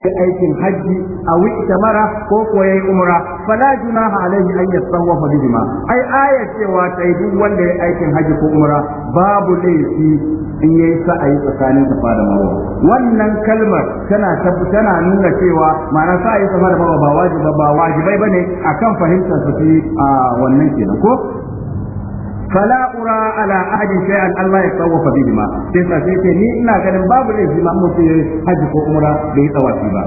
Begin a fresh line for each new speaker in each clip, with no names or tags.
aikin hajji a wuce mara ko koyayi umra fala junaha alaihi an yatsawwafa bihima ai aya cewa sai duk wanda ya aikin hajji ko umra babu laifi in yayi sa'ayi tsakanin safa da marwa wannan kalmar tana tana nuna cewa ma'ana sa'ayi safa da marwa ba wajibi ba wajibai bane akan fahimtar su a wannan kenan ko fala ura ala ahadi shay'an Allah ya tsawafa bihi ma sai sa sai ni ina ganin babu laifi ma mutum ya haji ko umra bai tsawafi ba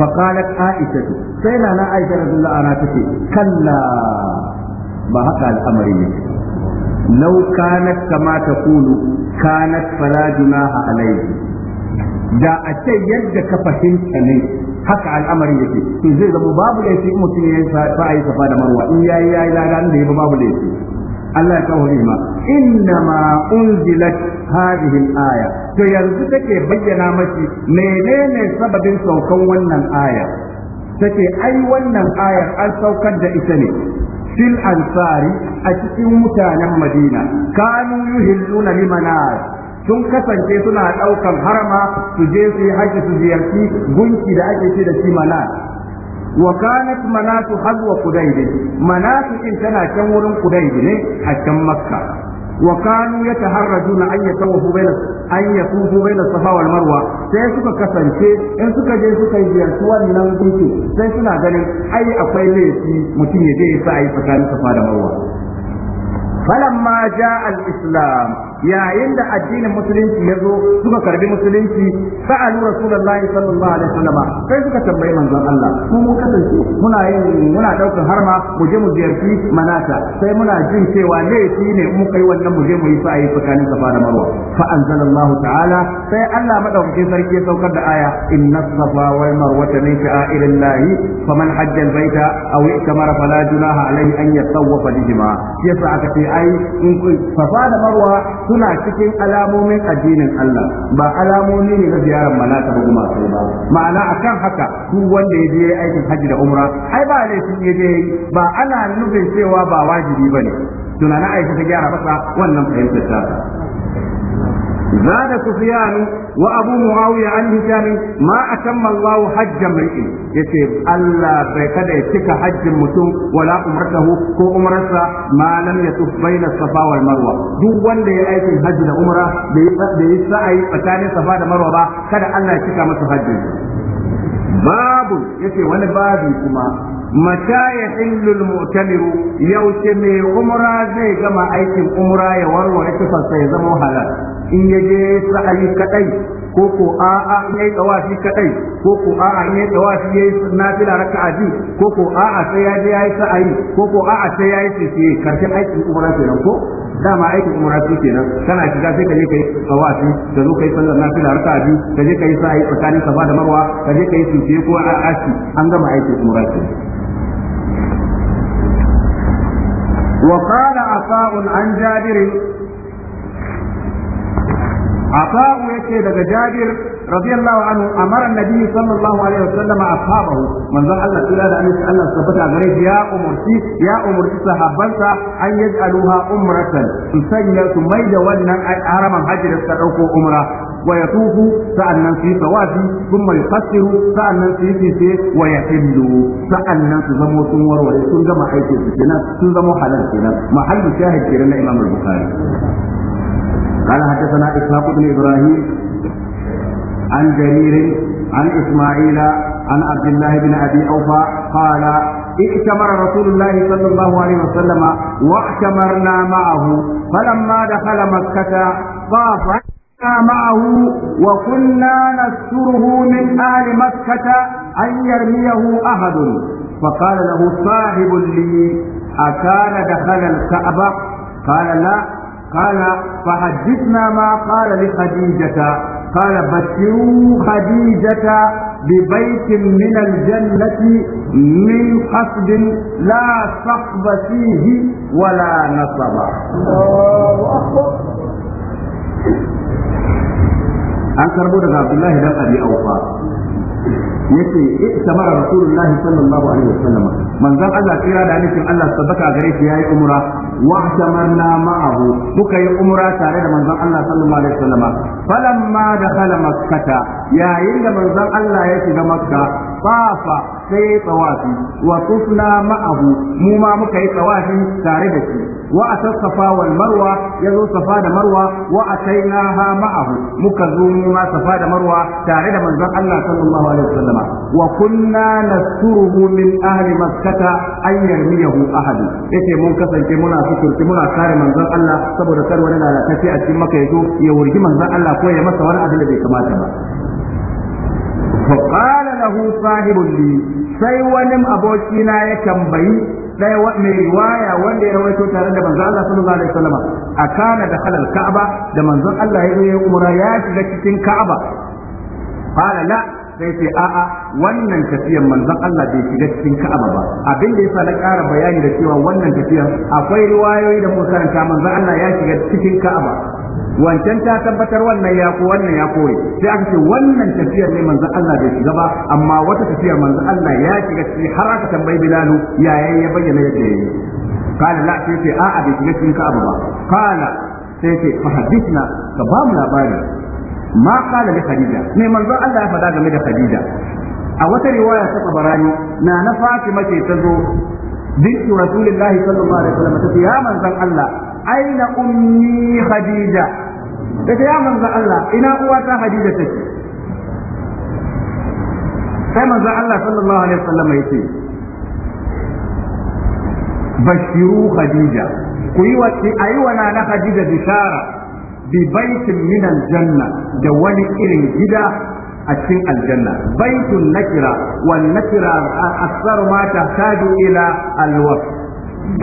fa qalat aisha sai na na aisha radhiyallahu anha tace kalla ba haka al'amari da a ce yadda ka fahimta ne haka al'amarin yake to zai zama babu laifi mutum ya yi yi safa da marwa in yayi yayi ladan da ya babu laifi Allah ya kawo ma inna ma unzilat hadhihi al-aya to yanzu take bayyana maki menene sababin saukan wannan aya take ai wannan ayar an saukar da ita ne fil ansari a cikin mutanen Madina kanu yuhilluna limanar sun kasance suna ɗaukan harama su je su yi haji su ziyarci gunki da ake ce da shi mana wa kanat manatu wa kudayd manatu in tana can wurin kudayd ne a can makka wa kanu yataharrajuna an yatawafu bayna an yaqufu bayna safa wal marwa sai suka kasance in suka je suka yi ziyarci wannan gunki sai suna ganin ai akwai laifi mutum ya je ya sa ai tsakanin safa da marwa falamma jaa al islam yayin da addinin musulunci ya zo suka karbi musulunci sa'alu rasulullahi sallallahu alaihi wasallam sai suka tambayi manzon Allah mu mun kasance muna yin muna harma mu je mu ziyarci manata sai muna jin cewa laifi ne mu kai wannan mu je mu yi sa'i tsakanin safa da marwa fa anzalallahu ta'ala sai Allah madaukakin sarki ya saukar da aya inna safa wal marwa min sha'airillahi faman hajja al-baita aw i'tamara fala junaha alaihi an yatawafa bihima yasa aka ce ai in safa da marwa suna cikin alamomin addinin Allah ba alamomi ne na ziyarar malaka ba kuma sai ba ma'ana akan haka ku wanda ya je aikin haji da umra ai ba ne ya je ba ana nufin cewa ba wajibi bane tunanin aisha ta gyara masa wannan fahimtar ta زاد سفيان وابو معاويه عن هشام ما اتم الله حج امرئ يتي الله بكدا يتك حج متوم ولا عمرته كو عمرته ما لم يطف بين الصفا والمروه duk wanda ya aikin hajji da umra da yi sa'ayi tsakanin safa da marwa ba kada Allah ya cika masa hajji babu yace wani babu kuma mata ya hillul mu'tamiru yaushe mai umra zai gama aikin umra ya warware kifarsa ya zama halal in ya je sa'ayi kadai ko ko a'a in yayi tawafi kadai ko ko a'a in yayi tawafi yayi nafila raka'a biyu ko ko a'a sai ya je yayi sa'ayi ko ko a'a sai yayi sisi karshen aikin umra kenan ko dama aikin umara su kenan kana shiga sai ka je kai tawafi ka zo kai sallar nafila raka'a biyu ka je kai sa'ayi tsakanin safa da marwa ka je kai sisi ko a'a an gama aikin umra kenan وقال عطاء عن جابر عطاء يكي دغ جابر رضي الله عنه امر النبي صلى الله عليه وسلم اصحابه من ذا الله تعالى ان الله ثبت غريب يا امرتي يا امرتي صحابنسا ان يجعلوها عمره تسنى سميد wannan haraman hajji da suka dauko umra wa yatufu sa'annan su yi tawafi kuma yuqassiru sa'annan su yi fice wa yahillu sa'annan su zamo sun warware sun gama aikin na Imam قال حدثنا إسحاق بن إبراهيم عن جرير عن إسماعيل عن عبد الله بن أبي أوفى قال ائتمر رسول الله صلى الله عليه وسلم واعتمرنا معه فلما دخل مكة طاف معه وكنا نستره من آل مكة أن يرميه أحد فقال له صاحب لي أكان دخل الكعبة قال لا قال فحدثنا ما قال لخديجة قال بشروا خديجة ببيت من الجنة من حسب لا صحب فيه ولا نصب an karbo عبد الله dan Abi Aufa yace itamara rasulullah sallallahu alaihi wasallam manzon Allah kira da nufin Allah sabaka gare shi yayi umra wa tamarna ma'ahu muka yi umra tare da manzon Allah sallallahu alaihi wasallam falamma dakhala makkata yayin da manzon Allah ya shiga makka fafa sai tsawafi wa tufna ma'ahu mu ma muka yi tsawafin tare da shi wa atassafa wal marwa zo safa da marwa wa ha ma'ahu muka zo mu ma safa da marwa tare da manzon Allah sallallahu alaihi wasallama wa kunna nasturuhu min ahli makkata an yarmiyahu ahad yace mun kasance muna sukurti muna kare manzon Allah saboda kar wani lalatafi a cikin maka yazo ya wurgi manzon Allah ko ya masa wani abin da bai kamata ba فقال له صاحب لي sai wani abokina ya tambayi ɗaya mai riwaya wanda ya rawaito tare da manzo Allah sallallahu alaihi wasallam a kana da halal ka'aba da manzon Allah ya yi umra ya shiga cikin ka'aba qala la sai ce a'a wannan tafiyar manzon Allah bai shiga cikin Ka'aba ba abin da yasa na ƙara bayani da cewa wannan tafiyar, akwai riwayoyi da muka karanta manzon Allah ya shiga cikin Ka'aba wancan ta tabbatar wannan ya ko wannan ya koyi sai aka ce wannan tafiyar ne manzon Allah bai shiga ba amma wata tafiyar manzon Allah ya shiga ciki har aka tambayi Bilalu yayin ya bayyana yadda yayi قال لا sai a'a bai shiga cikin Ka'aba ba قال sai ce fa hadithna ka bamu labari ma qala li khadija me manzon Allah ya faɗa game da khadija a wata riwaya ta tabarani na na fatima ce ta zo bintu rasulillahi sallallahu alaihi wasallam ta ya manzon Allah aina ummi khadija ta ya manzon Allah ina uwata khadija take sai manzon Allah sallallahu alaihi wasallam yace bashiru khadija ku yi wa wa bi baitin min aljanna da wani irin gida a cikin aljanna baitun nakira wal nakira asar ma tahtaju ila alwasf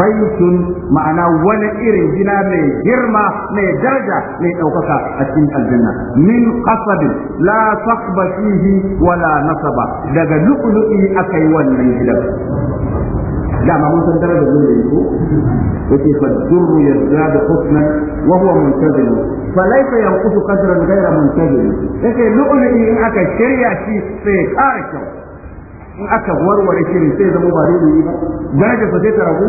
baitun ma'ana wani irin gida mai girma mai daraja mai ɗaukaka a cikin aljanna min qasabin la saqba fihi wala ba daga lu'lu'i akai wannan gidan dama mun san darajar dole ne ko yace fa durru yazadu husnan wa huwa muntazil fa laysa yanqutu qadran ghayra muntazil yace lu'lu'i in aka shirya shi sai ƙara kyau in aka warware shi sai zama ba lu'lu'i ba daraja fa sai ta ragu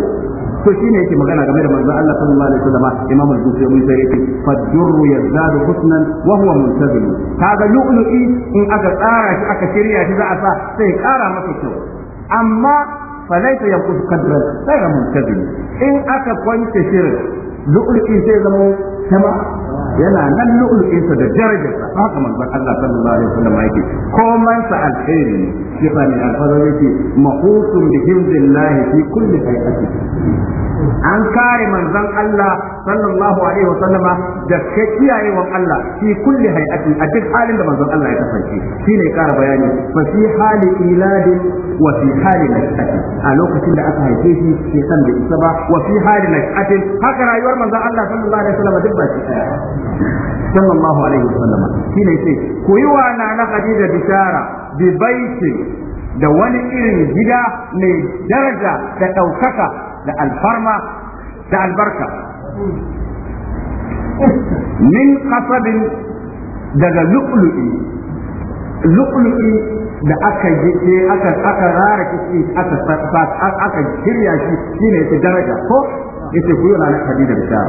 to shine yake magana game da manzon Allah sallallahu alaihi wasallam Imam al-Bukhari mun sai yake fa durru yazadu husnan wa huwa muntazil kaga lu'lu'i in aka tsara shi aka shirya shi za a sa sai ƙara masa kyau amma falaita ya kusa kadra sai muntazim in aka kwance shirin lu'ulki sai zama sama yana nan lu'ulkinsa da darajarsa haka manzon Allah sallallahu alaihi wasallam yake koman sa alheri shi ba ne alfaro yake mahusun bihimdillah fi kulli hay'ati an kare manzon Allah sallallahu alaihi wa sallama da kiyayewan Allah fi kulli hay'ati a duk halin da manzon Allah ya kasance shine kara bayani fa fi hali iladin wa fi hali nashati a lokacin da aka haife shi ke san da isa ba wa fi hali nashati haka rayuwar manzon Allah sallallahu alaihi wa sallama duk ba shi daya sallallahu alaihi wa sallama shine ce ku yi wa nana Khadija bishara bi baiti da wani irin gida mai daraja da ɗaukaka da alfarma da albarka min kasabin daga lu'lu'i lu'lu'i da aka yi aka aka rara kici aka aka shirya shi shine yake daraja ko yace ku yana hadidar ta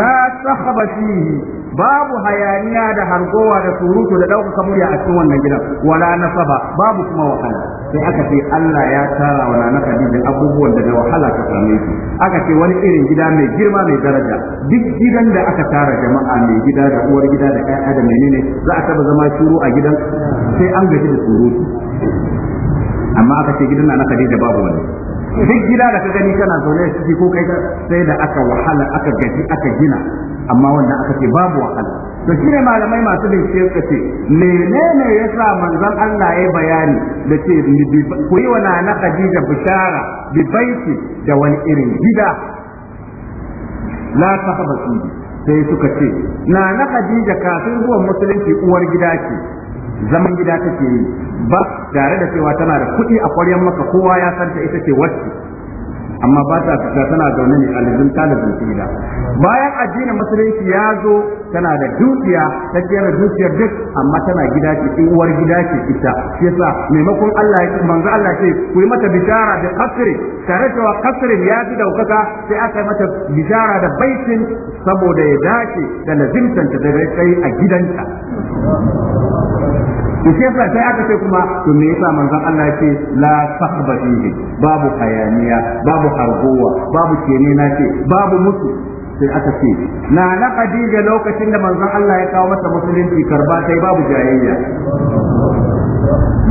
la sahaba fihi babu hayaniya da hargowa da surutu da ɗaukaka murya a cikin wannan gidan wala nasaba babu kuma wahala sai aka ce Allah ya tara wa nana Khadija abubuwan da wahala ka same su aka ce wani irin gida mai girma mai daraja duk gidan da aka tara jama'a mai gida da uwar gida da ƴaƴa da menene za a taba zama shiru a gidan sai an gaji da surutu amma aka ce gidan nana Khadija babu wani duk gida da ka gani kana zaune ciki ko kai sai da aka wahala aka gaji aka gina amma wannan aka ce babu wahala to ne malamai masu bincike suka ce menene ya sa manzon Allah ya bayani da ce ku yi wa na Khadija bishara bi baiti da wani irin gida la shi sai suka ce na na Khadija kafin zuwan musulunci uwar gida ce zaman gida take yi ba tare da cewa tana da kuɗi a kwaryan maka kowa ya santa ita ce wacce amma ba ta fita tana zaune ne a lizin talibin gida bayan addinin musulunci ya zo tana da dukiya ta kera dukiyar duk amma tana gida ce uwar gida ce ita shi yasa maimakon Allah ya manzo Allah ce ku yi mata bishara da kasri tare da kasrin ya fi daukaka sai aka yi mata bishara da baitin saboda ya dace da lazimtanta da kai a gidanta sai aka ce kuma to me yasa manzon Allah ce la sahba fihi babu hayaniya babu harbowa babu kene na ce babu mutu sai aka ce na na Khadija lokacin da manzon Allah ya kawo mata musulunci karba sai babu jayayya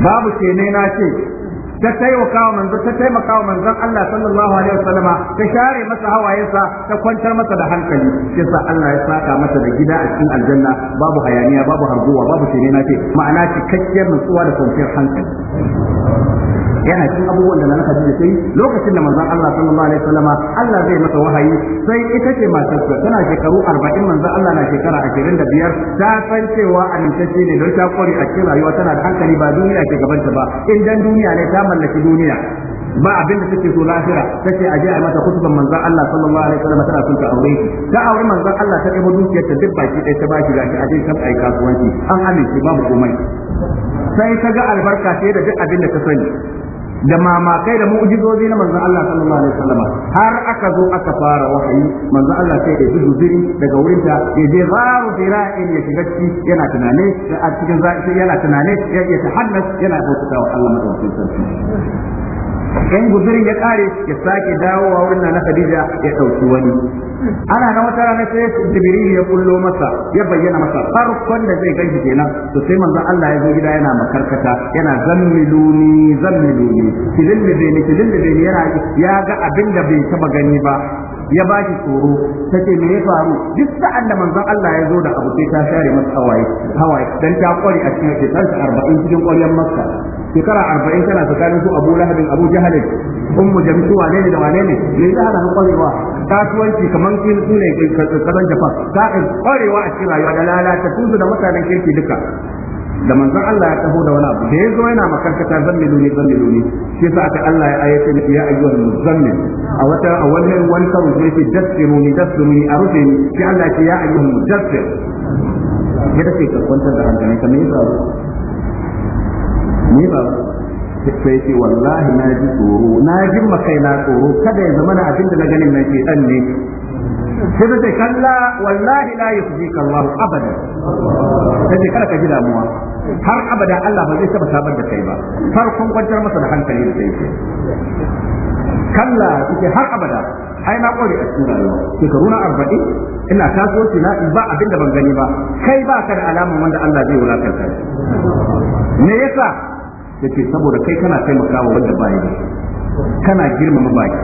babu kene na ce ta taimaka wa manzo ta taimaka wa manzon Allah sallallahu alaihi wasallama ta share masa hawayensa ta kwantar masa da hankali yasa Allah ya saka masa da gida a cikin aljanna babu hayaniya babu harguwa babu shirina ce ma'ana cikakkiyar nutsuwa da kwanciyar hankali yana cikin abubuwan da na Khadija ta yi lokacin da manzon Allah sallallahu alaihi wasallama Allah zai masa wahayi sai ita ce matarsa tana shekaru 40 manzon Allah na shekara 25 ta san cewa amintacce ne don ta kware a cikin rayuwa tana da hankali ba duniya ke gabanta ba in dan duniya ne ta mallaki duniya ba abin da take so lahira take aje a mata kutuban manzon Allah sallallahu alaihi wasallam tana son ta aure ta aure manzon Allah ta ɗebo dukiyar ta duk baki ɗaya ta baki gashi aje ta yi kasuwanci an amince babu komai sai ta ga albarka sai da duk abin da ta sani da mamakai da mu'jizozi na manzon Allah sallallahu alaihi wasallam har aka zo aka fara wahayi manzon Allah sai ya guzuri daga wurin da ya je zaru dira'in ya shiga ciki yana tunane a cikin zai yana tunane ya ya tahannas yana bautawa wa Allah madaukakin
sarki
in guzurin ya kare ya sake dawowa wurin na Khadija ya dauki wani ana na wata rana sai jibril ya kullo masa ya bayyana masa farkon da zai gani kenan to sai manzo Allah ya zo gida yana makarkata yana zammiluni zammiluni kilin da zai kilin yana ya ga abin da bai taba gani ba ya ba shi tsoro ta ce me ya faru duk sa'an da manzon Allah ya zo da abu sai ta share masa hawaye hawaye dan ta kware a cikin shekarsa arba'in cikin kwaryan masa shekara arba'in tana tsakanin su abu lahabin abu jahalin ummu jamsu wane ne da wane ne me ya hana kwarewa kasuwanci kamar kin su ne kasan Japan ta kwarewa a cikin rayuwa da lalata su da mutanen kirki duka da manzon Allah ya taho da wani abu da ya zo yana makarkata zammilu ne zammilu ne shi yasa aka Allah ya ayyace ni ya ayyuhal muzammil a wata a wannan wani kawo sai ce dassiru ni dassiru ni a rufe ni shi Allah ce ya ayyuhal mudassir ya dace ka kwantar da hankali, ka me yasa me sai ce wallahi na ji tsoro na ji makai na tsoro kada ya zama na abin da na ganin nan ke dan ne sai ta ce kalla wallahi la yusbika Allah abada sai ce kada ka ji damuwa har abada Allah ba zai taba sabar da kai ba farkon kwantar masa da hankali da sai ce kalla ce har abada ai na kware a cikin rayuwa shekaru na arba'in ina kasuwanci na ba abin da ban gani ba kai ba ka da alaman wanda Allah zai wulakanta me yasa yace saboda kai kana wa wanda ba yi kana girmama baki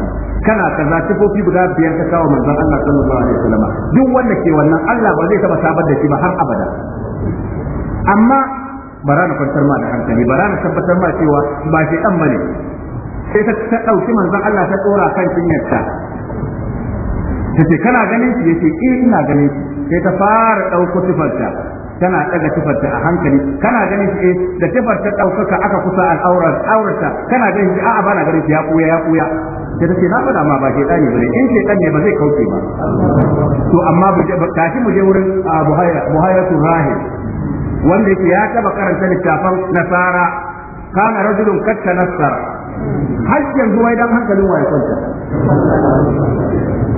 kana kaza sifofi guda biyar ka kawo manzon Allah sallallahu alaihi wasallam duk wanda ke wannan Allah ba zai taba sabar da shi ba har abada amma bara na kwantar ma da hankali bara na tabbatar ma cewa ba shi dan bane sai ta dauki manzon Allah ta dora kan cinyarta ta ce kana ganin shi yace eh ina ganin shi sai ta fara dauko tufarta. tana daga tufarta a hankali kana ganin shi eh, da tufarta daukaka aka kusa al'aurar aurarta kana ganin shi a'a bana ganin shi ya kuya ya kuya da take na faɗa ma ba ke dani bane in ke ne ba zai kauce ba to amma tashi mu je wurin buhayatu rahim wanda yake ya taba karanta littafan nasara kana rajulun katta nasara har yanzu wai dan hankalin waye kwanta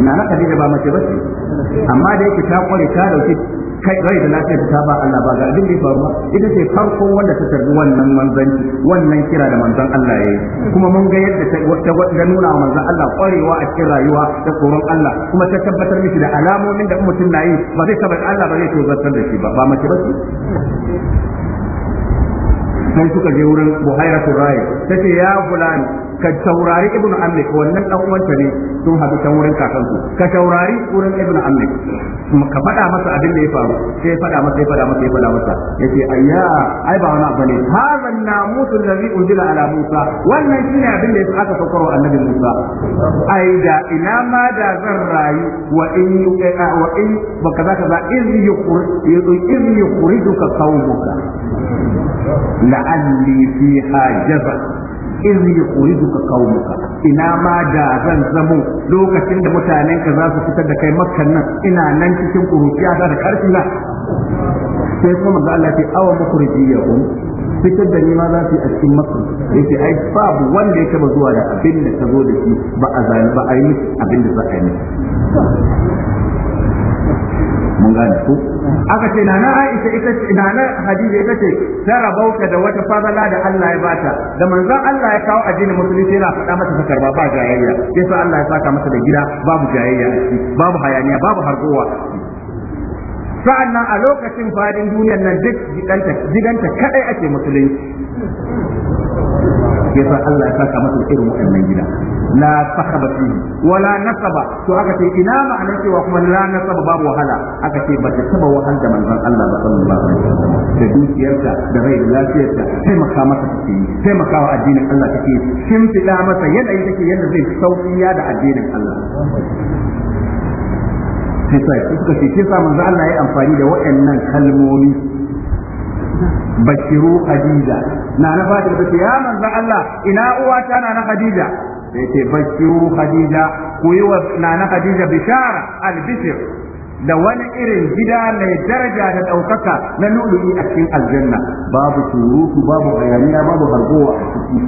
na na da ba mace ce. amma da yake ta kware ta dauke kai rai da lafiya ta ba Allah ba ga abin da ya faru ita ce farko wanda ta tarbi wannan manzanci wannan kira da manzon Allah yayi kuma mun ga yadda ta nuna wa manzon Allah kwarewa a cikin rayuwa da tsoron Allah kuma ta tabbatar miki da alamomin da mutum na yi ba zai tabbata Allah ba zai tozartar da shi ba ba mace ba sai suka je wurin buhairatul rai ce ya fulani ka taurari ibnu amlik wannan dan uwanta ne sun haɗu can wurin kakansu ka taurari wurin ibnu amlik ka faɗa masa abin da ya faru sai faɗa masa ya faɗa masa ya faɗa masa yace ayya ai ba wani abu ne hadha an-namus alladhi unzila ala musa wannan shine abin da ya aka saukar wa annabi musa ai da ina ma da zan rayu wa in eh, wa in baka zaka za in yukhrijuka qaumuka la'alli fiha jazaa iz yuriduka qaumuka ina ma da zan zamo lokacin da mutanen ka za su fitar da kai makkan nan ina nan cikin kuruciya da karfi na sai kuma manzo Allah ya awa fitar da ni ma za su yi a cikin makkan yace ai babu wanda ya taba zuwa da abin da ta zo da shi ba a ba a yi abin da za a yi mun gane ko aka ce nana Aisha ita ce nana Hadiza ita ce ta rabauta da wata fadala da Allah ya bata da manzon Allah ya kawo addinin musulunci yana faɗa mata ta karba ba jayayya sai sa Allah ya saka mata da gida babu jayayya babu hayaniya babu hargowa sa'annan a lokacin fadin duniyar nan duk gidanta kadai ake musulunci sai sa Allah ya saka mata irin waɗannan gida la sahaba fi wala nasaba to aka ce ina ma'anar cewa kuma la nasaba babu wahala aka ce ba ta taba wahala da manzon Allah ba sallallahu alaihi da dukiyarta da rai da lafiyarta sai maka masa take yi sai maka wa addinin Allah take shin fida masa yadda yake yadda zai sauƙiya da addinin Allah sai sai suka ce shi sa manzo Allah ya amfani da waɗannan kalmomi bashiru khadija na na fadi ta ce ya manzo Allah ina uwata ta na na khadija da yake bashiru khadija ku yi wa nana khadija bishara albishir da wani irin gida mai daraja da daukaka na lulubi a cikin aljanna babu surutu babu bayaniya babu harbowa a ciki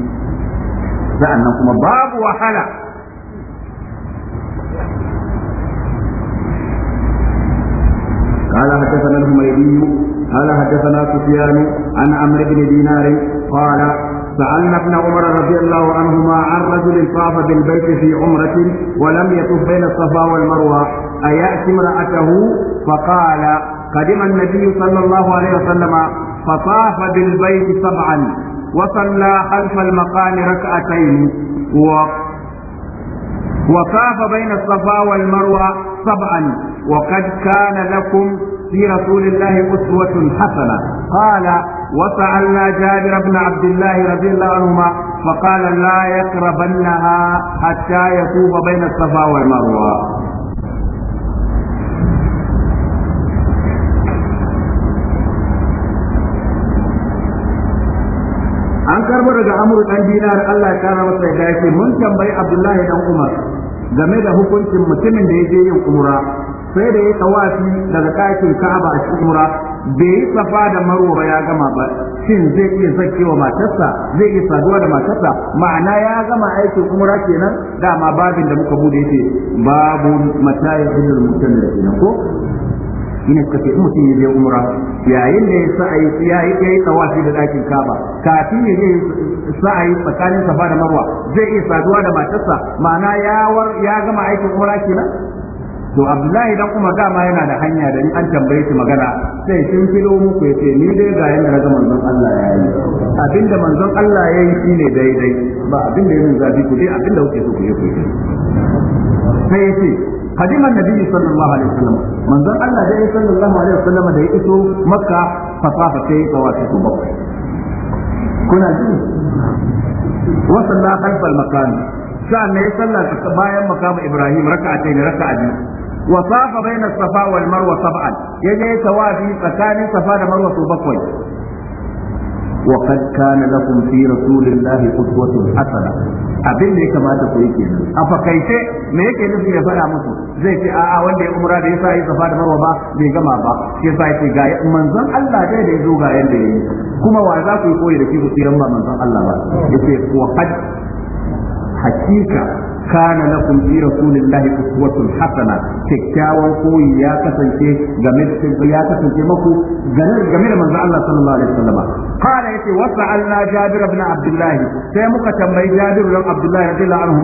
sa'annan kuma babu wahala قال حدثنا الحميدي قال حدثنا سفيان عن عمرو بن دينار قال سألنا ابن عمر رضي الله عنهما عن رجل طاف بالبيت في عمرة ولم يطف بين الصفا والمروة أيأتي امرأته فقال قدم النبي صلى الله عليه وسلم فطاف بالبيت سبعا وصلى خلف المقام ركعتين و وطاف بين الصفا والمروة سبعا وقد كان لكم في رسول الله أسوة حسنة قال وسألنا جابر بن عبد الله رضي الله عنهما فقال لا يقربنها حتى يطوف بين الصفا والمروة an karbo daga amuru dan dinar Allah ya kara masa ya yake mun tambayi Abdullahi dan Umar game da hukuncin mutumin da ya je yin umra sai da ya tawafi daga ɗakin Ka'aba a cikin umra bai yi safa da marwa ba ya gama ba shin zai iya zake wa matarsa zai iya saduwa da matarsa ma'ana ya gama aikin umra kenan dama babin da muka bude yake babu mataya, hujjar mutum da kenan ko shine ka ce mutum ya je umra yayin da ya sa'ayi ya yi yayi tawafi da dakin kaba, kafin ya je sa'ayi tsakanin Safa da Marwa zai iya saduwa da matarsa ma'ana ya ya gama aikin umra kenan to abdullahi dan kuma dama yana da hanya da in an tambaye shi magana sai kin kilo muku yace ni dai ga yanda na ga manzon Allah ya yi abinda manzon Allah ya yi shine daidai ba abinda yin zafi ku dai abinda kuke so ku yi ku sai yace قدم النبي صلى الله عليه وسلم من ذا الله جاء صلى الله عليه وسلم ده يسو مكة فطاف في طوافه بكر كنا جن وصلنا خلف المكان sa'an ya sallah bayan makamu Ibrahim raka'a وطاف بين الصفا والمروة سبعا يجي توافي فكان صفا مروة بكوي وقد كان لكم في رسول الله قدوة حسنة abin da ya kamata ku yi nan. a fakaice me yake nufi da fara musu zai ce a'a wanda ya umra da yasa yi safa da marwa ba bai gama ba ke sa yake ga manzon Allah dai da ya zo ga yanda yayi kuma wa za ku yi koyi da ke ku tsiran ba manzon Allah ba yace wa qad hakika kana lakum fi rasulillahi uswatun Hassana kyakkyawan koyi ya kasance game da ya kasance maku game da manzo Allah sallallahu alaihi wasallam kana yace wasa'alna jabir ibn Abdullahi sai muka tambayi jabir ibn abdullah radiyallahu anhu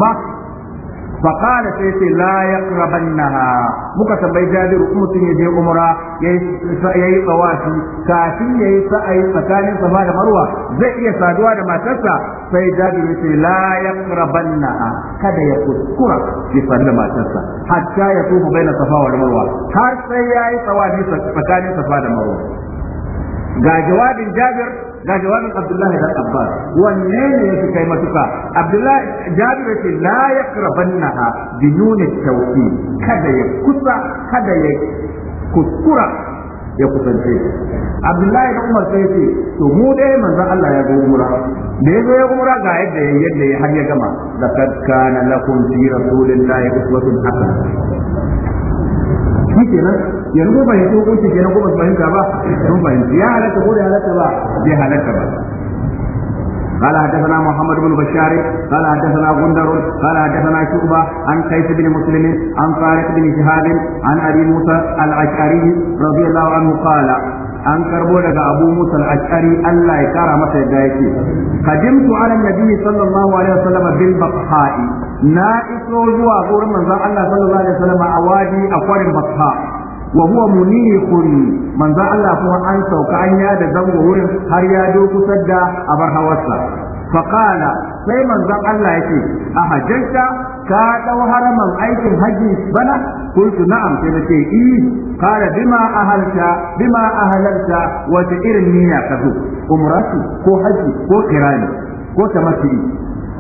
فقال سيتي لا يقربنها muka tambayi jabiru in sun yi je umra ya yi tsawafi kafin ya yi sa'ayi tsakanin safa da marwa zai iya saduwa da matarsa sai jabiru sai ce la yaqrabannaha kada ya kuskura ya sadu da matarsa hatta ya tufu baina safa wa marwa har sai ya yi tsawafi tsakanin safa da marwa ga jawabin Jabir ga jawabin Abdullahi dan Abbas wanne ne yake kai matuka Abdullahi Jabir ce la yakrabannaha bi tawfi kada ya kusa kada ya kuskura ya kusance Abdullahi da Umar sai ce to mu dai manzon Allah ya gumura mura? da ya gumura ga yadda ya yadda ya har ya gama da kana lakum fi rasulillahi uswatun hasana shi kenan yanzu ko fahimci hukunci kenan ko ba su fahimta ba sun fahimci ya halatta ko da halatta ba bai halatta ba قال حدثنا محمد بن بشار قال حدثنا غندر قال حدثنا شعبة عن قيس بن مسلم عن طارق بن شهاب عن أبي موسى الأشعري رضي الله عنه قال an karbo daga Abu Musa al Allah ya kara masa yadda yake qadimtu ala nabi sallallahu alaihi wasallam bil baqha'i na iso zuwa gurin manzon Allah sallallahu alaihi wasallam a wadi a kwarin bakha wa huwa muniqun manzon Allah kuma an sauka an yada zango wurin har ya do kusa da abar hawarsa faqala sai manzon Allah yake a hajjanka ka dau haraman aikin haji bana kuntu na'am sai nace eh kara bima ahalta bima ahalta wa ta irin niyya ka zo umratu ko haji ko kirani ko tamattu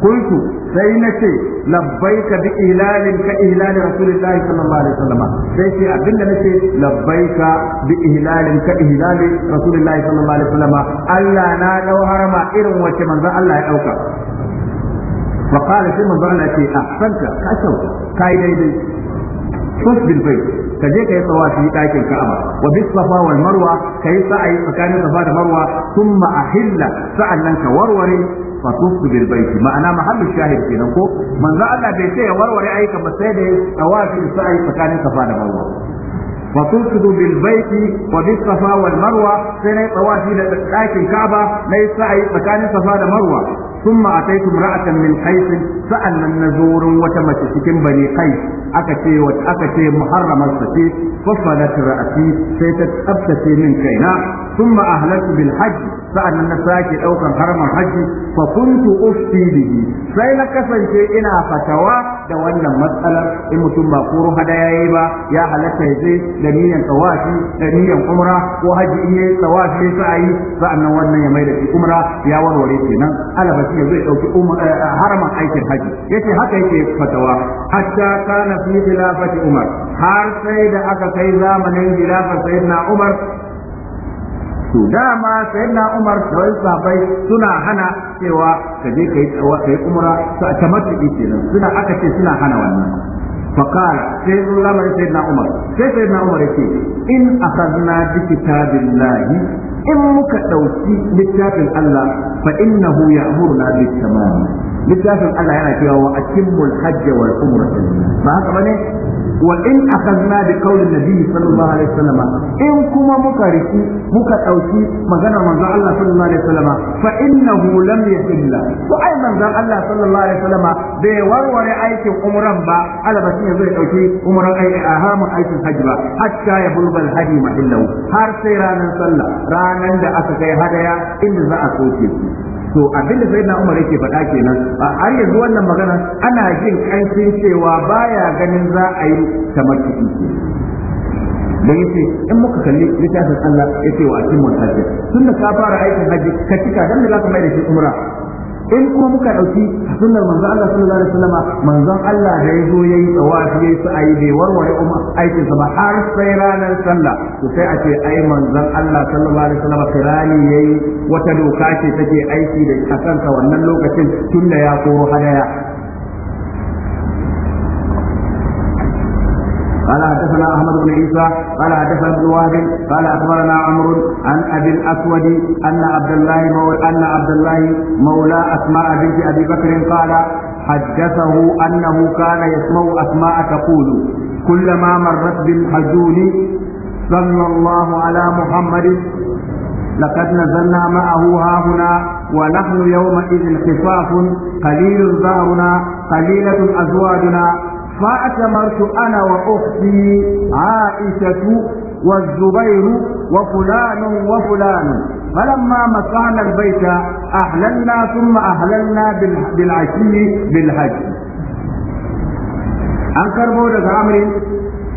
kuntu sai nace labbaika bi ihlalin ka ihlalin rasulullahi sallallahu alaihi wasallam sai ce abinda nace labbaika bi ihlalin ka ihlalin rasulullahi sallallahu alaihi wasallam Allah na dau harama irin wacce manzon Allah ya dauka فقال في مبرنا شيء أحسنت كأشوت كاي ديدي خذ بالبيت كجي كي طوافي كاي الكعبة وبالصفا والمروة كي سعي مكان الصفا والمروة ثم أحل سعلا كوروري fatufu bil baiti ma'ana mahallu shahid kenan ko manzo Allah bai ce ya warware aika ba sai da tawafi sa'i tsakanin safa da marwa fatufu bil wa bis safa marwa sai ne da dakin Ka'aba nayi sa'i tsakanin safa da marwa ثم أتيت امرأة من قيس سألنا النزور وتمشي كم بني قيس أكتي وأكتي محرم السفي فصلت رأسي سيتت أبتسي من كينا ثم أهلت بالحج سألنا النساك أو كان حرم الحج فكنت أفتي به سينا كسن إنا فتوى da wannan matsalar in mutum ba hada ya yayi ba ya halarta ya je da niyan tawafi da niyan umra ko hajji in yayi tawafi sai sa'ayi sa'annan wannan ya mai da umra ya warware kenan alaba shine zai dauki eh, eh, haraman aikin haji yace haka yake fatawa hatta kana fi khilafati umar har sai da aka kai zamanin khilafar sayyidina umar to dama sayyidina umar da wasu sahabbai suna hana cewa ka je kai tsawa kai umra ta tamattu kenan suna aka ce suna hana wannan فقال سيدنا عمر سيدنا عمر يقول إن أخذنا بكتاب الله in muka ɗauki littafin Allah fa innahu ya'muruna bit tamam littafin Allah yana cewa wa atimul hajj wal ba haka bane wa in akhadna bi qawli nabi sallallahu alaihi wasallam in kuma muka riki muka ɗauki maganar manzo Allah sallallahu alaihi wasallam fa innahu lam yahilla to ya manzo Allah sallallahu alaihi wasallam bai warware aikin umran ba alabatin yazo ɗauki umaran umran ai ahamu aikin hajji ba hatta ya bulbal hadi mahillahu har sai ranar sallah ranar da aka kai hadaya inda za a soke su to abinda sai na umar yake faɗa kenan har yanzu wannan magana ana jin ƙarfin cewa baya ganin za a yi kamar ciki da yace in muka kalli littafin Allah yace wa akin mutaji tun da ka fara aikin haji ka cika dan da zaka mai da shi umra in kuma muka ɗauki sunnar manzo Allah sallallahu alaihi wasallam manzon Allah da ya zo yayi tsawafi yayi ayi bai warware umma aikin sa ba har sai ranar sallah to sai a ce ai manzon Allah sallallahu alaihi wasallam kirani yayi wata doka ce take aiki da akan wannan lokacin tunda ya koro hadaya قال حدثنا احمد بن عيسى قال حدثنا ابن وهب قال اخبرنا عمرو عن ابي الاسود ان عبد الله مولى ان عبد الله مولى اسماء بنت ابي بكر قال حدثه انه كان يسمع اسماء تقول كلما مرت بالحجون صلى الله على محمد لقد نزلنا معه ها هنا ونحن يومئذ خفاف قليل زارنا قليلة أزواجنا فأتمرت أنا وأختي عائشة والزبير وفلان وفلان فلما مسعنا البيت أهللنا ثم أهللنا بالعشي بالحج أنكر بودك عمري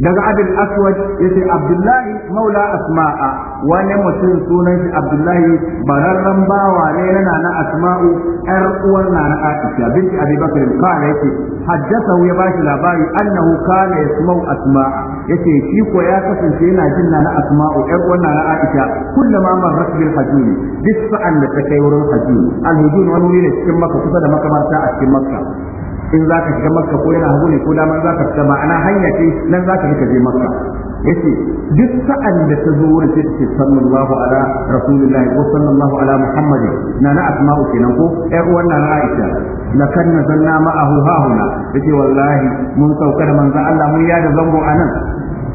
daga abin aswad ya ce abdullahi maula asma'a wani mutum sunan shi abdullahi bararren bawa ne yana na asma'u yar uwar na na aisha binti abi kana yake haddasa ya bashi labari annahu kana yasma'u asma'a yace shi ko ya kasance yana jin na asma'u yar uwar nana aisha kullama man bil hajun duk sa'an da ta kai wurin hajun al hajun wani ne cikin makka kusa da makamarta a cikin makka in za ka shiga makka ko yana hagu ne ko damar za ka fita ma'ana hanya ce nan za ka shiga je makka yace duk sa'an da ta zo wurin sai ta ce sallallahu ala rasulillahi ko sallallahu ala muhammadi na na asma'u kenan ko ƴar uwan na aisha lakan nazalna ma'ahu hahuna yace wallahi mun sauka da manza Allah mun yada zango anan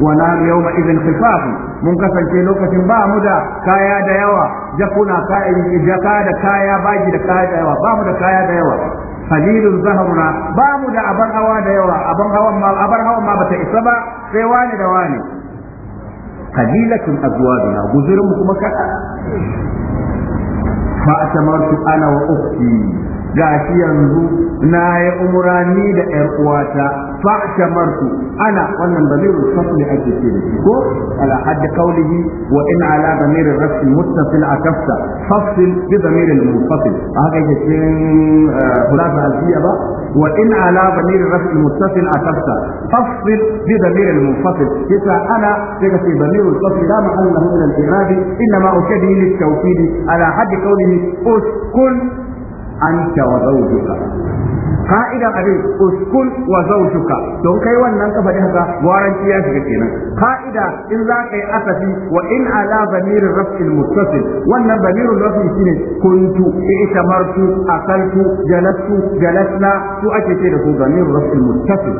wa na yawma idhin khifafu mun kasance lokacin ba mu da kaya da yawa jakuna kaya jaka da kaya baji da kaya da yawa ba mu da kaya da yawa qalilun zahruna ba mu da abar hawa da yawa abar hawan ma abar hawan ma bata isa ba sai wani da wani qalilatun azwajuna guzurin mu kuma kada fa atamartu ana wa ukhti gashi yanzu na yi umurani da ƴar uwata fa'asha marku ana wannan damirin fasli ake ce da ko ala hadda kaulihi wa in ala damirin rafs muttasil a fasl bi damir muttasil a haka yake cikin hulasa alfiya ba wa in ala damirin rafs muttasil a fasl fasil bi damirin muttasil yasa ana sai ka ce damirin fasli da ma'alla hu min al-irabi inna ma ukadi lit tawkidi ala hadda kaulihi uskun anta wa zawjuka ka'idan abin uskun wa zawjuka don kai wannan kafa da haka waranci ya shiga kenan ka'ida in za ka yi asafi wa in ala zamirin rafin muttasil wannan zamirin rafin shine kuntu i'tamartu akaltu jalastu jalasna su ake ce da su zamirin rafin muttasil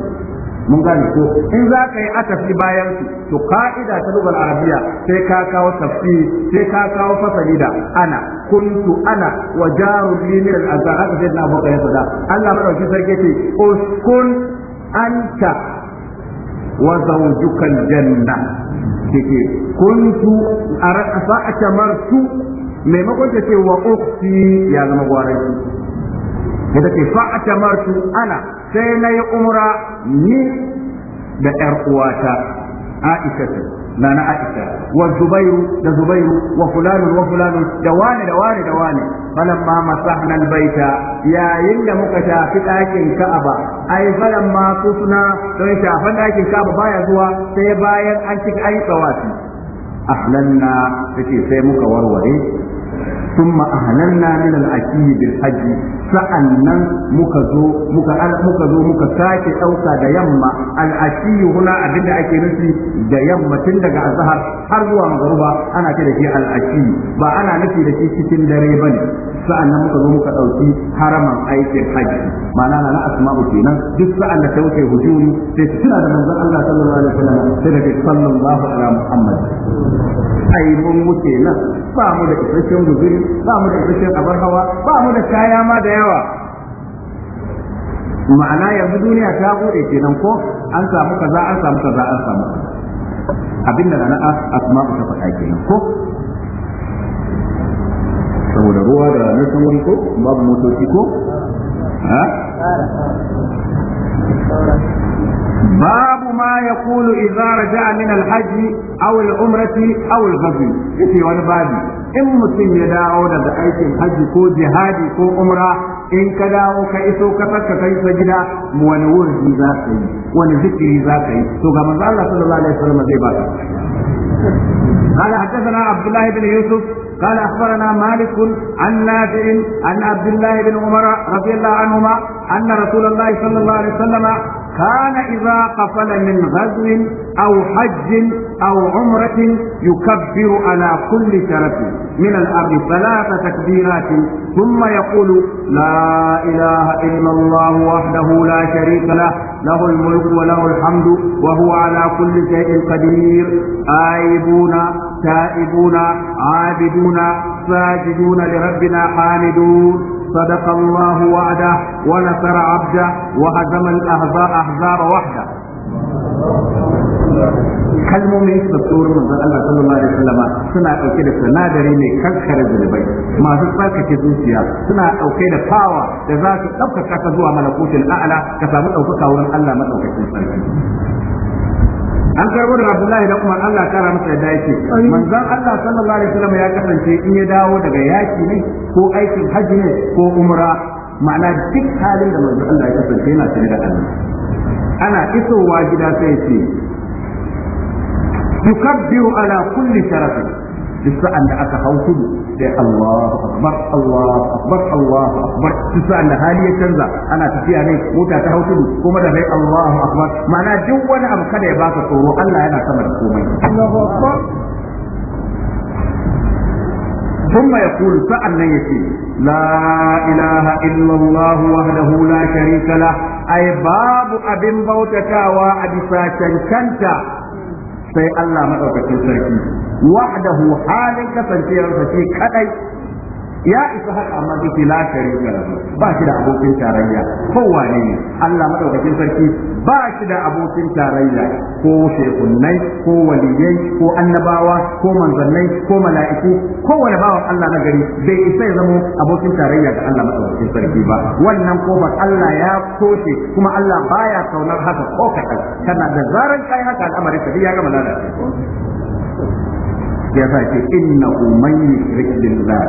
mun gane ko in za ka yi asafi bayan su to ka'ida ta lugar arabiya sai ka kawo tafsir sai ka kawo fasali da ana kuntu ana wa jarun li min al-azab haka sai na abu ya fada Allah madauki sarki ce uskun anta wa zawjuka al-janna kike kuntu fa'tamartu maimakon ta ce wa ukhti ya zama gwarai ita ce fa'tamartu ana sai na yi umra ni da 'yar uwata Aisha nana Aisha wa Zubairu da Zubairu wa fulanu wa fulanu da wani da wani da wani ma masahna baita, yayin da muka tafi ɗakin Ka'aba ai falamma kusna don shafan ɗakin Ka'aba baya zuwa sai bayan an cika ayi tsawafi ahlanna take sai muka warware ثم أهللنا من الأكيه بالحج فأنا مكزو مكأل مكزو مكساك أو ديما الأكي هنا أبدا أكينسي ديما تندق الظهر حرزوا مغربا أنا كده في الأكي وأنا نفي لكي كتن دريبني فأنا مكزو مكأوتي حرما أيك الحج معنانا لا أسماء فينا جزء أن توفي هجومي تسنى من الله صلى الله عليه وسلم صلى الله على محمد أي من مكينا فأمو لك فشيهم ba mu da isasshen abar hawa ba mu da kaya ma da yawa ma'ana yanzu duniya ta bude kenan ko an samu kaza an samu kaza an samu abin da na ku ta faɗa kenan ko saboda ruwa da na san wuri ko babu motoci ko ha باب ما يقول إذا رجع من الحج أو العمرة أو الغزو في والبادي إن مسلم يدعو لدى أيك الحج كو جهادي كو عمره in كداو dawo كفك iso ka ka kai sa gida wani wurdi za ka yi الله zikiri za ka yi to ga قال حدثنا عبد الله بن يوسف قال اخبرنا مالك عن نافع عن عبد الله بن عمر رضي الله عنهما ان رسول الله صلى الله عليه وسلم كان إذا قفل من غزو أو حج أو عمرة يكبر على كل شرف من الأرض ثلاث تكبيرات ثم يقول لا إله إلا الله وحده لا شريك له له الملك وله الحمد وهو على كل شيء قدير آيبون تائبون عابدون ساجدون لربنا حامدون صدق الله وعده ونصر عبده وهزم الأحزاب وحده kalmomin da tsoron manzon Allah sallallahu alaihi wasallama suna dauke da sanadari mai kankare zunubai masu tsarkake zuciya suna dauke da fawa da za su daukaka ka zuwa malakutul a'la ka samu daukaka wurin Allah madaukakin sarki an karbo da Abdullahi da Umar Allah kara masa yadda yake manzon Allah sallallahu alaihi wasallam ya kasance in ya dawo daga yaki ne ko aikin hajji ne ko umra ma'ana duk halin da manzon Allah ya kasance yana tare da Allah ana isowa gida sai ce yukabbiru ala kulli sharafin duk sa'an da aka hau sai Allahu akbar Allahu akbar Allahu akbar duk sa'an da hali ya canza ana tafiya ne mota ta hau tudu kuma da sai Allahu akbar ma'ana duk wani abu kada ya baka tsoro Allah yana sama da komai Allahu akbar ثم يقول فأنا يسير لا إله إلا الله وحده لا شريك له أي باب أبن بوتك وأبسا شنكنت سي الله مدوكة سيكون wahdahu halin kasancewar sa ce kadai ya isa haka amma zai la sharika lahu ba shi da abokin tarayya kowane ne Allah madaukakin sarki ba shi da abokin tarayya ko shekunnai ko waliyai ko annabawa ko manzannai ko mala'iku kowane bawan Allah na gari bai isa ya zama abokin tarayya ga Allah madaukakin sarki ba wannan kofar Allah ya toshe kuma Allah baya kaunar haka ko kaɗan kana da zaran kai haka al'amarin ka ya gama lalacewa ya sa ce inna man yushrik billah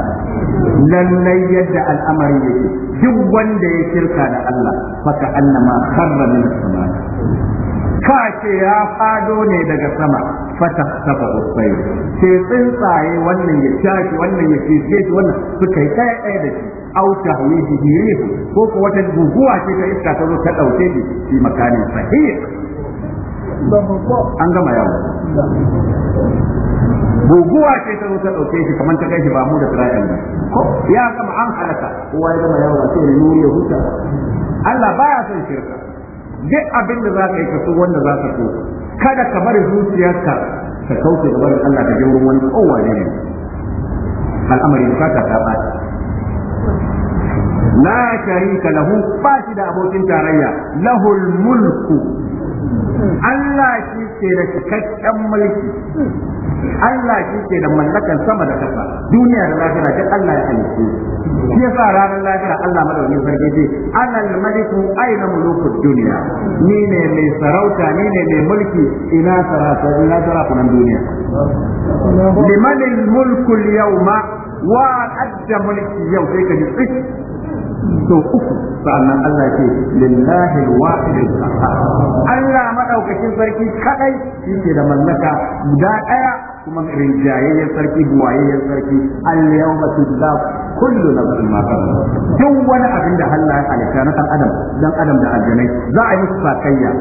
lallai yadda al'amari yake duk wanda ya shirka da Allah faka annama kharra min sama ka ce ya fado ne daga sama fata saba usai sai tsuntsaye wannan ya tashi wannan ya fice shi wannan suka yi ɗaya ɗaya da shi au tahwidi rihu ko ko wata guguwa ce ta iska ta zo ta dauke shi shi makanin sahih an gama yawo guguwa ce ta ta dauke shi kamar ta kai shi ba mu da tsirayen ba ko ya gama an halaka kowa ya gama yawa sai ya nuri ya huta Allah baya son shirka duk abin da za ka yi ka so wanda za ka so kada ka bari zuciyarka ka kauce gaban Allah ka je wurin wani kowa ne al'amari bukata ta ba la sharika lahu ba shi da abokin tarayya lahul mulku Allah shi ke da cikakken mulki Allah shi ke da mallakan sama da kasa duniya da lafiya duk Allah ya halitta shi yasa ranar lafiya Allah madaukakin sarki ce Ana maliku aina mulukud duniya ni ne mai sarauta ni ne mai mulki ina sarauta ina sarakunan duniya liman mulku al-yawma wa adda mulki yau sai ka ji so uku sa'annan Allah ce lillahi alwahid alqahhar Allah madaukakin sarki kadai yake da mallaka guda daya kuma rinjayayyen sarki buwayayyen sarki al-yawma tudda kullu nafsin ma kasabat duk wani abin da Allah ya halitta na adam dan adam da aljanai za a yi sakayya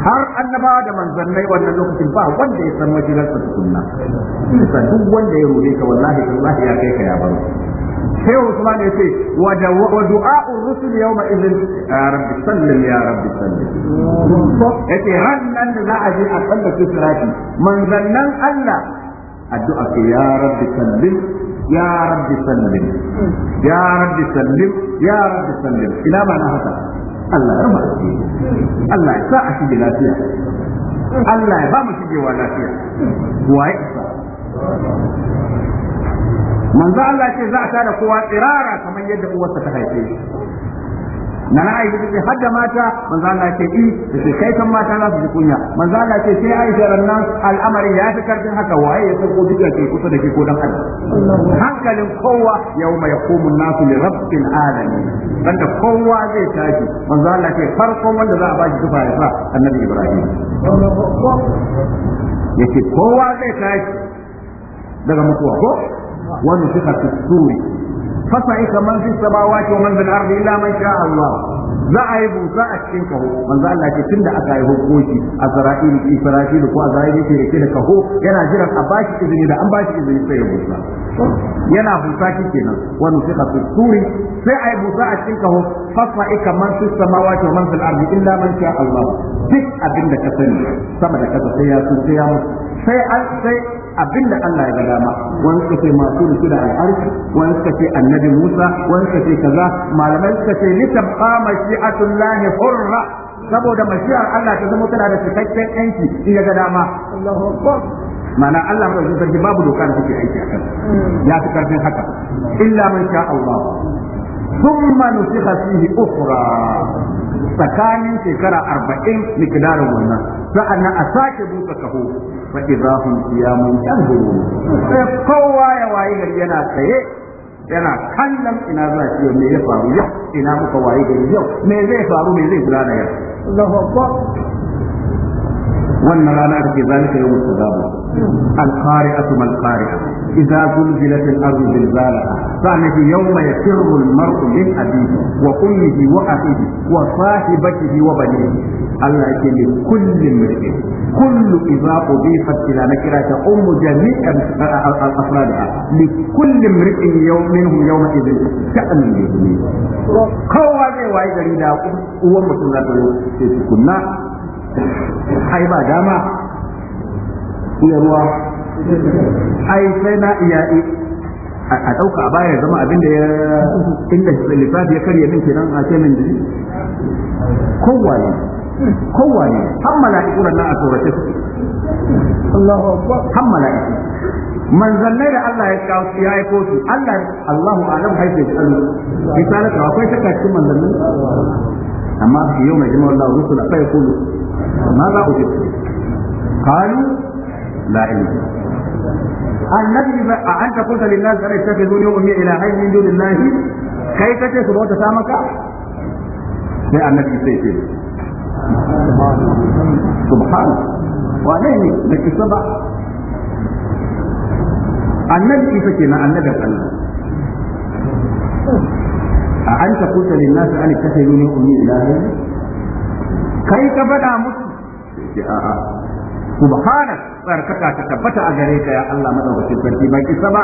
har annaba da manzannai wannan lokacin ba wanda ya san majalar sa duk wanda ya rure ka wallahi wallahi ya kai ka ya baro Sai usman ya ce wa du'a'ur rusul yawma idhin ya rabbi sallim ya rabbi sallim yace rannan da za a je a sallar kisrati manzannan Allah addu'a ce ya rabbi sallim ya rabbi sallim ya rabbi sallim ya rabbi sallim ina ba na haka Allah ya raba Allah ya sa a shige lafiya Allah ya ba mu shigewa lafiya waye manzo Allah ce za a tada kowa tsirara kamar yadda uwarsa ta haife shi na na aiki ce hadda mata manzo Allah ce i da ke kai kan mata za su ji kunya manzo Allah ce sai Aisha nan al'amarin ya fi karfin haka waye ya sako duka ke kusa da ke ko dan adam hankalin kowa yauma yaqumu an-nasu li rabbil alamin banda kowa zai tashi manzo Allah ce farkon wanda za a ba shi tufa ya sa annabi Ibrahim yake kowa zai tashi daga mutuwa ko ونفخ في الصور فصعق من في السماوات ومن في الارض الا من شاء الله za a yi busa a cikin kaho manzo Allah ce tunda aka yi hukunci a Isra'il Isra'il ko Azrail ke rike da kaho yana jiran a bashi izini da an bashi izini sai ya busa yana busa kenan wani nufiqa fi suri sai a yi busa a cikin kaho fasa ika man fi samawati wa man fil ardi illa man sha Allah duk abinda ka sani sama da kasa sai ya sai ya sai an sai abin da Allah ya ga dama wani suka ce masu rufe da al'arshi wani suka ce annabi Musa wani suka ce kaza malamai suka ce litabqa lahi hurra saboda mashi'ar Allah ta zama tana da cikakken yanki in ya ga dama Allahu akbar mana Allah mai zuwa sarki babu doka da take aiki akan hmm. ya fi karfin haka illa man sha Allah thumma nusikha fihi ukhra tsakanin shekara arba'in miqdarin wannan sa'annan a sake busa kaho siya mun qiyamun yanzurun sai kowa ya waye gari yana tsaye yana kallon ina za shi me ya faru yau ina muka waye gari yau me zai faru me zai gudana yau Allahu wannan rana aka ce zalika yawmul tadabu al-qari'atu mal qari'a idza zulzilat al-ardu zilzalaha sa'nati yawma yafirru al-mar'u min abihi wa ummihi wa abihi wa sahibatihi wa bani. Allah yake ne kullu mar'in kullu idza udifat ila nakirata um jami'an afradaha li kulli mar'in yawmin yawma idhin sha'an yughni kowa zai wayi gari da uwan mutum za ta yi sai tukunna ai ba dama iya ruwa ai sai na iya a ɗauka a baya zama abin da ya inda lissafi ya karya min kenan a ce min jini kowane kowane har mala'iku nan a tsorace su Allahu mala'iku manzannai da Allah ya kawo su ya aiko su Allah Allahu alam haife su alu misalaka akwai shakka cikin manzannin amma yau mai jima Allah rusula akwai yaqulu ماذا أجبت قالوا لا علم النبي أنت قلت للناس أنا يتخذون يوم إلهين من دون الله كيف تسبوت سامك sai annabi sai ce subhan wane ne da ki saba annabi isa kenan annabin Allah a anta qulta lin nas an takhayyu min ummi ilahi kai ka faɗa musu subhana tsarkaka ta tabbata a gare ka ya Allah madaukakin sarki ban isa ba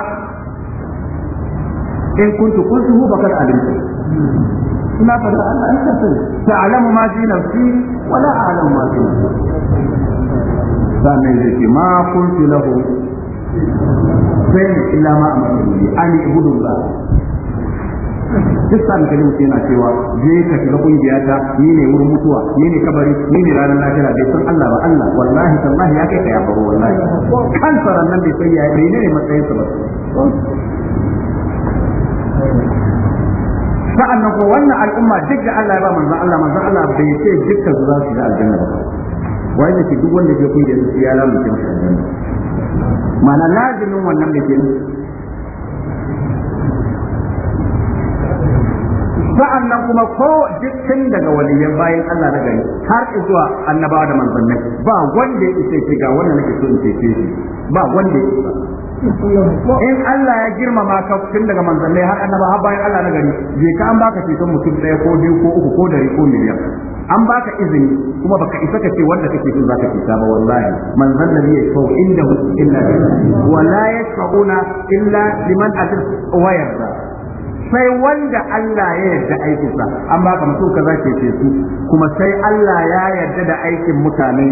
in kuntu qultuhu bakar alimtu ina da Allah anta ta ta'lamu ma fi nafsi wa la a'lamu ma fi nafsi sannan yake ma kuntu lahu sai illa ma amartu ani ibudullah duk sa da kalmi yana cewa je ka shiga kungiya ta ni ne wurin mutuwa ni ne kabari ni ne ranar lafiya bai san Allah ba Allah wallahi sallahi ya kai ka ya baro wallahi kan saran nan bai san ya bai ne matsayin sa ba sa'an nan ko wannan al'umma duk da Allah ya ba manzon Allah manzon Allah bai ce dukkan su za su shiga aljanna ba wai ne duk wanda ke kungiya su ya lamu cikin aljanna ma'ana lazimin wannan da ke nan kuma ko jikin daga waliyan bayan Allah na gari har zuwa annabawa da manzannai ba wanda ya isa ce ga wanda nake so in cece shi ba wanda ya isa in Allah ya girmama ka tun daga manzannai har annaba har bayan Allah na gari je ka an baka ceton mutum ɗaya ko biyu ko uku ko dari ko miliyan an baka izini kuma baka isa ka ce wanda kake so zaka ce ba wallahi manzon nabi ya kawo inda illa billah wala yashfauna illa liman atil wa yarda sai wanda Allah ya yarda aikinsa an baka mutum kaza ke ce su kuma sai Allah ya yarda da aikin mutane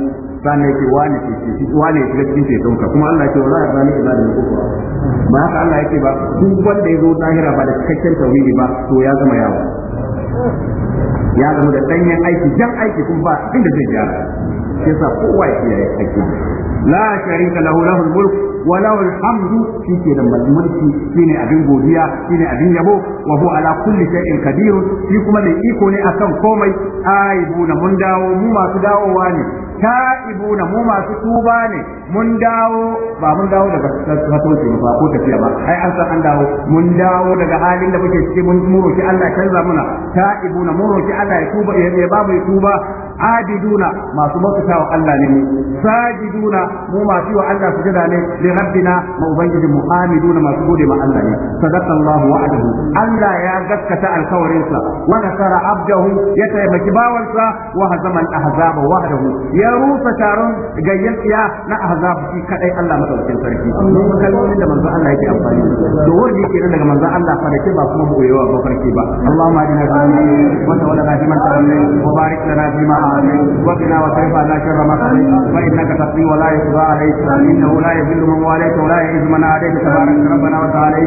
sannan ke wani ke ce wani ke cikin ceton kuma Allah ya ce wala ya zani ila da kufa ba haka Allah yake ba duk wanda ya zo zahira ba da cikakken tauhidi ba to ya zama yawo ya zama da danyen aiki jan aiki kuma ba inda zai gyara yasa kowa ya kiyaye aiki la sharika lahu lahul mulk walau Hamdu shi ke da mulki shine abin godiya shine abin yabo wa huwa ala kulli shay'in kadir shi kuma mai iko ne kan komai aibuna mun dawo mu masu dawowa ne ta'ibuna mu masu tuba ne mun dawo ba mun dawo daga kasuwanci ba ko tafiya ba ai an san an dawo mun dawo daga halin da muke ciki mun roki Allah canza muna ta'ibuna mun roki Allah ya tuba ya babu ya tuba abiduna masu bautata wa Allah ne mu sajiduna mu masu wa Allah sujada ne li rabbina mu ubangiji mu amiduna masu bude ma Allah ne sadaqallahu wa'adahu Allah ya gaskata alkawarinsa wa nasara abdahu ya taimaki bawansa wa hazama al-ahzaba wahdahu ya rusa taron gayyaciya na ahzab shi kadai Allah madaukakin sarki kalmomin da manzo Allah yake amfani da wurin yake nan daga manzo Allah farake ba kuma boyewa ba farke ba Allahumma وقنا وصرف عنا شر ما فإنك تقضي ولا يقضى عليك إنه لا يذل من واليت ولا يعز من عليك تبارك ربنا وتعالى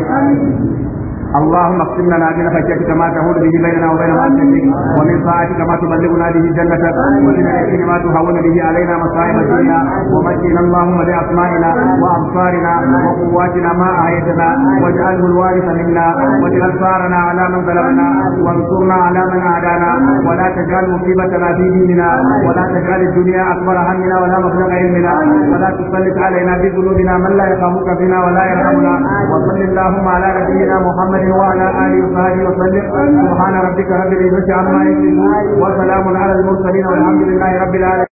اللهم اقسم لنا من خشيتك ما تهول به بيننا وبين معصيتك ومن طاعتك ما تبلغنا به جنتك ومن اليقين ما تهون به علينا مصائب الدنيا ومجدنا اللهم باسمائنا وابصارنا وقواتنا ما احيتنا واجعله الوارث منا واجعل ثارنا على من ظلمنا وانصرنا على من عادانا ولا تجعل مصيبتنا في ديننا ولا تجعل الدنيا اكبر همنا ولا مبلغ علمنا ولا تسلط علينا بذنوبنا من لا يخافك فينا ولا يرحمنا وصل اللهم على نبينا محمد عليه وعلى اله وصحبه وسلم سبحان ربك رب العزه عما يصفون وسلام على المرسلين والحمد لله رب العالمين